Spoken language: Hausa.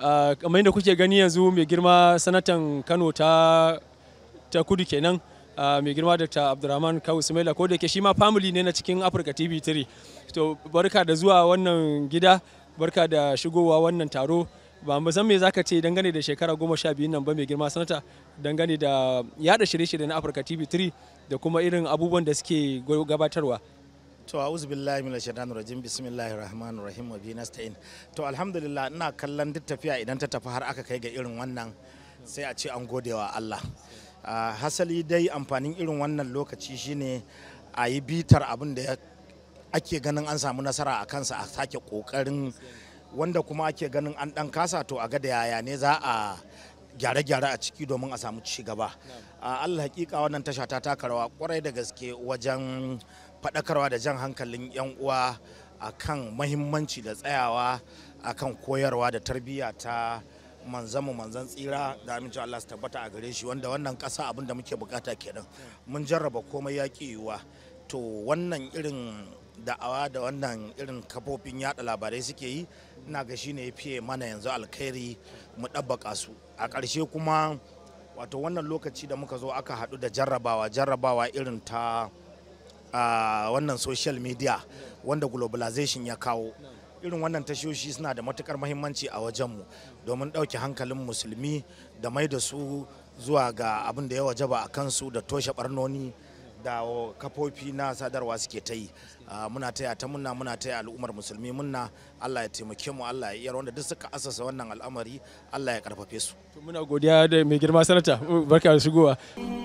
Ah, kamar yadda kuke gani yanzu mai girma sanatan kano ta ta kudu kenan ah, mai girma dr abdurrahman kawu sumaila ko da ke shi ma family ne na cikin africa tv 3 to barka da zuwa wannan gida barka da shigowa wannan taro ba mu san me zaka ce dangane da shekara goma sha biyu nan ba mai girma sanata dangane da yada shirye-shirye na africa tv 3 da kuma irin abubuwan da suke gabatarwa to a'udhu billahi minash shaitanir rajim bismillahir rahmanir rahim wa bi nasta'in to alhamdulillah ina kallon duk tafiya idan ta tafi har aka kai ga irin wannan sai a ce an gode wa Allah hasali dai amfanin irin wannan lokaci shine a yi bitar abin da ake ganin an samu nasara a kansa a sake kokarin wanda kuma ake ganin an dan kasa to a ga da yaya ne za a gyare-gyare a ciki domin a samu ci gaba. Allah hakika wannan tasha ta taka rawa kwarai da gaske wajen faɗakarwa da jan hankalin 'yan uwa a kan mahimmanci da tsayawa a kan koyarwa da tarbiyya ta manzanmu manzan tsira da amincin Allah su tabbata a gare shi wanda wannan ƙasa abin da muke bukata kenan mun jarraba komai ya yiwuwa to wannan irin da'awa da wannan irin kafofin yada labarai suke yi ina ga shine ya fiye mana yanzu alkhairi mu ɗabbaka su a ƙarshe kuma wato wannan lokaci da muka zo aka haɗu da jarrabawa jarrabawa irin ta a wannan social media wanda globalization ya kawo irin wannan tashoshi suna da matukar mahimmanci a wajenmu domin ɗauke hankalin musulmi da mai da su zuwa ga abin da ya wajaba a kansu da toshe barnoni da kafofi na sadarwa suke ta yi muna taya ta munna muna taya al'ummar musulmi munna Allah ya taimake mu Allah ya iyar wanda duk suka asasa wannan al'amari Allah ya karfafe su muna godiya da mai girma sanata barka da shigowa